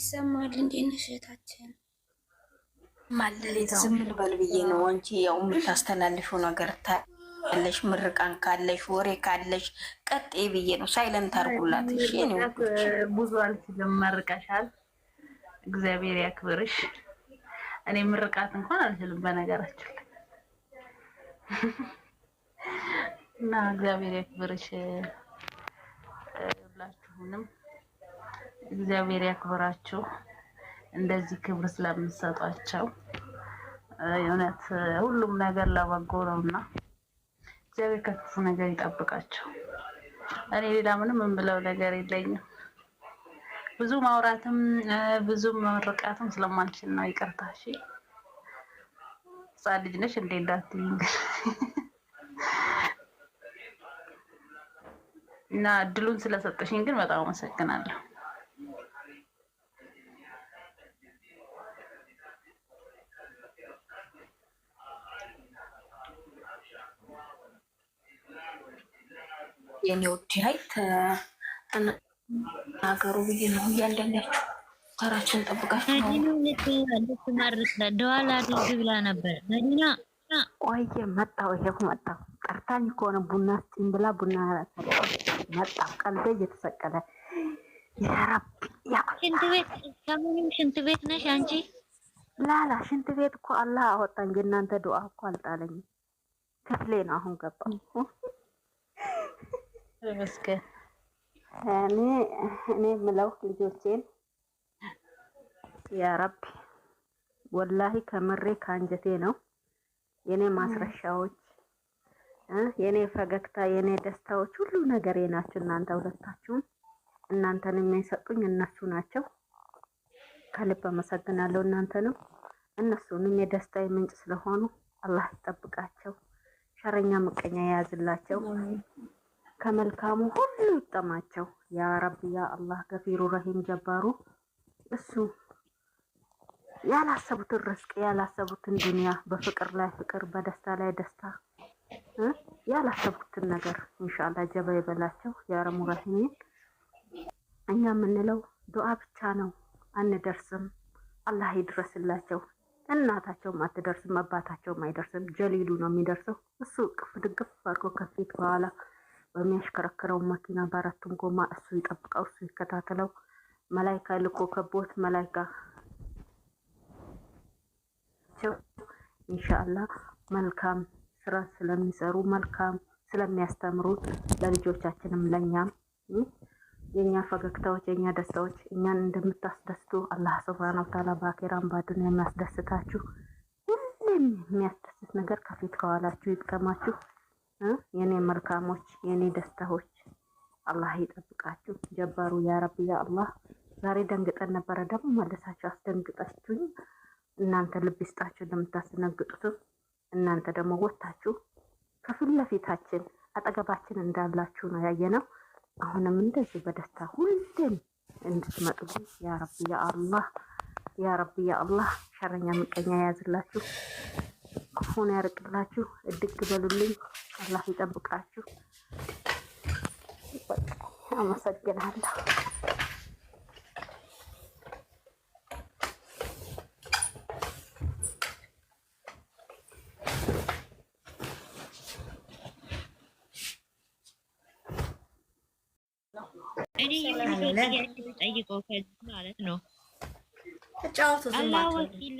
ይሰማል። እንዴት ነሽ እህታችን? ማለት ዝም ልበል ብዬ ነው። አንቺ ያው የምታስተላልፊው ነገር ታለሽ፣ ምርቃን ካለሽ፣ ወሬ ካለሽ ቀጤ ብዬ ነው። ሳይለንት አርጉላት። ብዙ አልችልም። መርቀሻል፣ እግዚአብሔር ያክብርሽ። እኔ ምርቃት እንኳን አልችልም በነገራችን ላይ እና እግዚአብሔር ያክብርሽ ሁላችሁንም እግዚአብሔር ያክብራችሁ። እንደዚህ ክብር ስለምሰጧቸው እውነት ሁሉም ነገር ለበጎ ነውና እግዚአብሔር ከክፉ ነገር ይጠብቃቸው። እኔ ሌላ ምንም የምለው ነገር የለኝም። ብዙ ማውራትም ብዙ መርቃትም ስለማልችል ነው። ይቅርታ። እሺ፣ ሕፃን ልጅ ነሽ እንዴ እንዳትይኝ እና እድሉን ስለሰጠሽኝ ግን በጣም አመሰግናለሁ። የኔ ውድ ሀይ ተናገሩ ብዬ ነው እያለላችሁ ተራችን ጠብቃችሁ ደዋላ አድርግ ብላ ነበር መዲና። ቆይ መጣሁ፣ ይሄው መጣሁ። ጠርታኝ ከሆነ ቡና ስጪኝ ብላ ቡና መጣሁ። ቀልቤ እየተሰቀለ ሽንት ቤት ከምንም ሽንት ቤት ነሽ አንቺ ላላ ሽንት ቤት እኮ አላህ አወጣኝ። የእናንተ ዱዓ እኮ አልጣለኝም። ክፍሌ ነው አሁን ገባ እኔ እኔ የምለው ልጆቼን ያ ወላሂ ከምሬ ከአንጀቴ ነው። የኔ ማስረሻዎች፣ የኔ ፈገግታ፣ የኔ ደስታዎች፣ ሁሉ ነገሬ ናቸው። እናንተ ሁለታችሁም እናንተን የሚሰጡኝ እነሱ ናቸው። ከልብ አመሰግናለሁ። እናንተንም እነሱንም የደስታ ምንጭ ስለሆኑ አላህ ይጠብቃቸው፣ ሸረኛ ምቀኛ የያዝላቸው። ከመልካሙ ሁሉ ይጠማቸው። ያ ረቢ ያ አላህ ገፊሩ ረሂም ጀባሩ እሱ ያላሰቡትን ርስቅ ያላሰቡትን ዱንያ በፍቅር ላይ ፍቅር፣ በደስታ ላይ ደስታ፣ ያላሰቡትን ነገር ኢንሻአላህ ጀባ ይበላቸው። ረሙ ረሂሚን እኛ የምንለው ዱዓ ብቻ ነው። አንደርስም። አላህ ይድረስላቸው። እናታቸውም አትደርስም፣ አባታቸውም አይደርስም። ጀሊሉ ነው የሚደርሰው። እሱ ቅፍ ድግፍ አድርጎ ከፊት በኋላ በሚያሽከረክረው መኪና በአራቱም ጎማ እሱ ይጠብቀው፣ እሱ ይከታተለው። መላይካ ልኮ ከቦት መላይካ ኢንሻአላ መልካም ስራ ስለሚሰሩ መልካም ስለሚያስተምሩ ለልጆቻችንም ለእኛም የእኛ ፈገግታዎች የእኛ ደስታዎች እኛን እንደምታስደስቱ አላህ ስብሃነ ወተዓላ በአኼራም በአዱንያ የሚያስደስታችሁ ሁሌም የሚያስደስት ነገር ከፊት ከኋላችሁ ይቅጠማችሁ። የኔ መልካሞች፣ የኔ ደስታዎች አላህ ይጠብቃችሁ። ጀባሩ ያ ረቢ ያ አላህ። ዛሬ ደንግጠን ነበረ፣ ደግሞ መልሳችሁ አስደንግጣችሁኝ። እናንተ ልብ ይስጣችሁ ለምታስደነግጡትም። እናንተ ደግሞ ወታችሁ ከፊት ለፊታችን አጠገባችን እንዳላችሁ ነው ያየነው። አሁንም እንደዚህ በደስታ ሁሌም እንድትመጡ ያ ረቢ ያ አላህ ያ ረቢ ያ አላህ። ሸረኛ ምቀኛ የያዝላችሁ ክፉን ያርቅላችሁ። እድግ በሉልኝ። አላህ ይጠብቃችሁ። አመሰግናለሁ። እኔ የምጠይቀው ከዚህ ማለት ነው አላህ ወኪል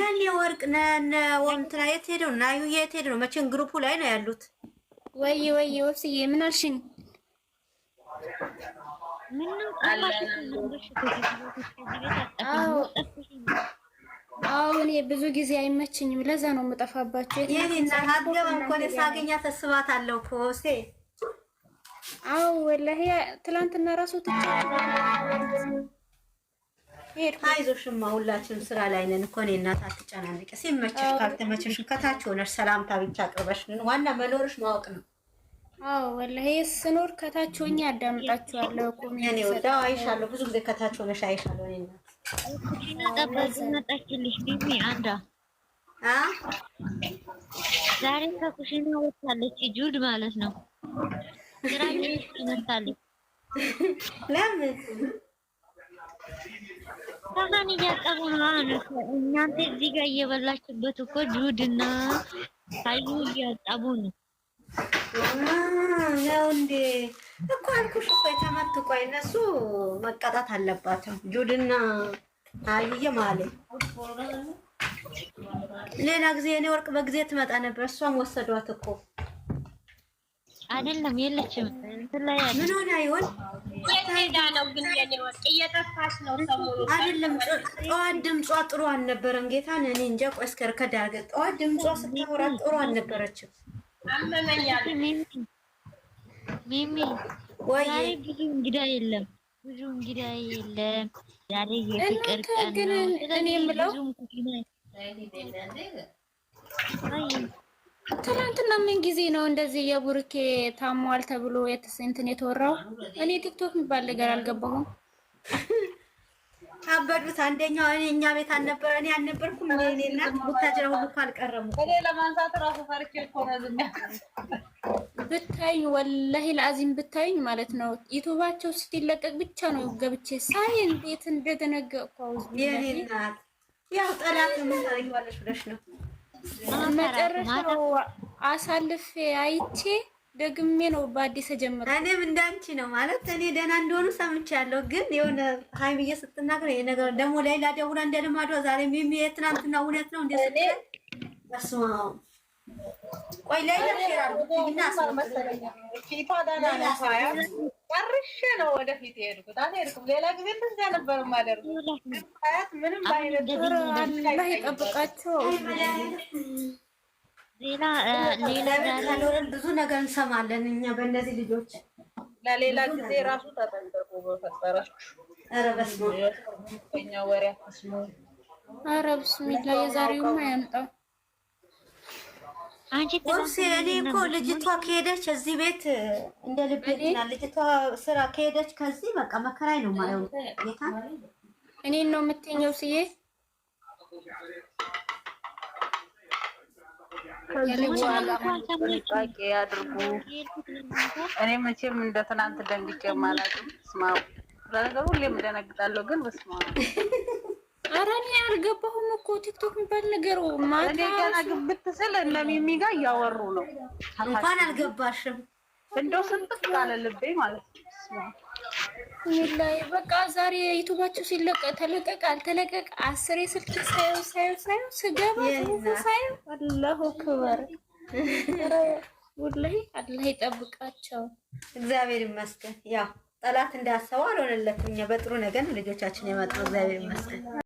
ነኔ ወርቅ ነነ ወንትና የት ሄደው እና ዩ የት ሄደው ነው? መቼም ግሩፑ ላይ ነው ያሉት። ወይ ወይ ወፍስዬ ምን አልሽኝ? አሁን ብዙ ጊዜ አይመችኝም። ለዛ ነው የምጠፋባቸው። የኔና ሀገባ እንኳን ሳገኛ ተስባት አለው እኮ ወፍሴ። ወላሂ ትላንትና ራሱ ትቻ ሄድኩ። አይዞሽማ ሁላችንም ስራ ላይ ነን እኮ እኔ እናት፣ አትጨናነቂ። ሲመችሽ ካልተመችሽ ከታች ሆነሽ ሰላምታ ብቻ አቅርበሽ ነን። ዋና መኖርሽ ማወቅ ነው። አዎ ወላሂ ስኖር ከታች ሆኜ አዳምጣችኋለሁ። ቁም እኔ ወዳው አይሻለሁ፣ ብዙ ጊዜ ከታች ሆነሽ አይሻለሁ። እኔ እናት መጣችልሽ ቢቢ አንዳ ዛሬ ከኩሽና ወጣለች ጁድ ማለት ነው። ግራ ይመታለች። ለምን በማን እያጠቡ ነው? እናንተ እዚህ ጋር እየበላችሁበት እኮ ጁድና ታዩ እያጠቡ ነው። ያው እንዴ እኮ አልኩሽ እኮ የተመትቆ እነሱ መቀጣት አለባቸው። ጁድና አዩዬ ማለት ሌላ ጊዜ የኔ ወርቅ በጊዜ ትመጣ ነበር። እሷም ወሰዷት እኮ አይደለም የለችም። ምን ሆነ ይሆን? ሄዳ ነው ግን? እየጠፋች ነው። አይደለም ጠዋት ድምጿ ጥሩ አልነበረም። ጌታ እኔ እንጃ። ቆይ እስከ ጠዋት ድምጿ ስታወራ ጥሩ አልነበረችም። ሚሚ ብዙ እንግዳ የለም፣ ብዙ እንግዳ የለም። ዛሬ የፍቅር ቀን ነው። እኔ የምለው ትናንትና ምን ጊዜ ነው እንደዚህ የቡርኬ ታሟል ተብሎ እንትን የተወራው? እኔ ቲክቶክ የሚባል ነገር አልገባሁም። አበዱት አንደኛው እኔ እኛ ቤት አልነበረ እኔ አልነበርኩም። እኔና ቡታጅራ ሁሉ አልቀረሙ። እኔ ለማንሳት ራሱ ፈርቼ እኮ ነው። ብታዩኝ ወላሂ ለአዚም ብታይኝ ማለት ነው ዩቱባቸው ስትለቀቅ ብቻ ነው ገብቼ ሳይ እንዴት እንደተነገቅኩ ያው ጠላት ምን ታደርጊዋለሽ ብለሽ ነው መጨረሻው አሳልፌ አይቼ ደግሜ ነው በአዲስ ተጀምሮ። እኔም እንዳንቺ ነው ማለት እኔ ደህና እንደሆኑ ሰምቻለሁ፣ ግን የሆነ ሀይሚዬ ስትናገር ይሄ ነገር ደግሞ ላይ ላደውላ እንደልማዷ ዛሬ ሚሚ የትናንትና እውነት ነው እንዴ? በስመ አብ ቆይ ላይ ለሽራል ጨርሼ ነው ወደፊት የሄድኩት። አልሄድኩም። ሌላ ጊዜ እንደዚያ ነበር የማደርገው። ምንም አይነት አላህ ይጠብቃቸው። ብዙ ነገር እንሰማለን እኛ በእነዚህ ልጆች። ለሌላ ጊዜ ራሱ ተጠንቀቁ በፈጠራችሁ። ኧረ በስመ አብ ወሬ አትስሙ። ኧረ ብስሚላ የዛሬውማ ያምጣው ወብሴ እኔ እኮ ልጅቷ ከሄደች እዚህ ቤት እንደ ልብ ልጅቷ ስራ ከሄደች ከዚህ በቃ መከራይ ነው ማለት ጌታ እኔ ነው የምትኘው ስዬ ጥንቃቄ አድርጉ። እኔ መቼም እንደ ትናንት ደንግጬ አላውቅም። ስማ፣ ለነገሩ ሁሌም ግን በስማ አልገባሁ እኮ ቲክቶክ የሚባል ነገር እኔ ገና ግብት ስል እነ ሚሚ ጋር እያወሩ ነው። እንኳን አልገባሽም። እንደው ስንጥቅ ካለ ልቤ ማለት ነው። ላይ በቃ ዛሬ ዩቱባቸው ሲለቀ ተለቀቀ አልተለቀቀ አስሬ ስልክ ሳየው ሳየው ሳየው ስገባ ሳየው አላሁ ክበር ወላሂ አላህ ይጠብቃቸው። እግዚአብሔር ይመስገን። ያው ጠላት እንዳሰበው አልሆነለትም። እኛ በጥሩ ነገር ልጆቻችን የመጣው እግዚአብሔር ይመስገን።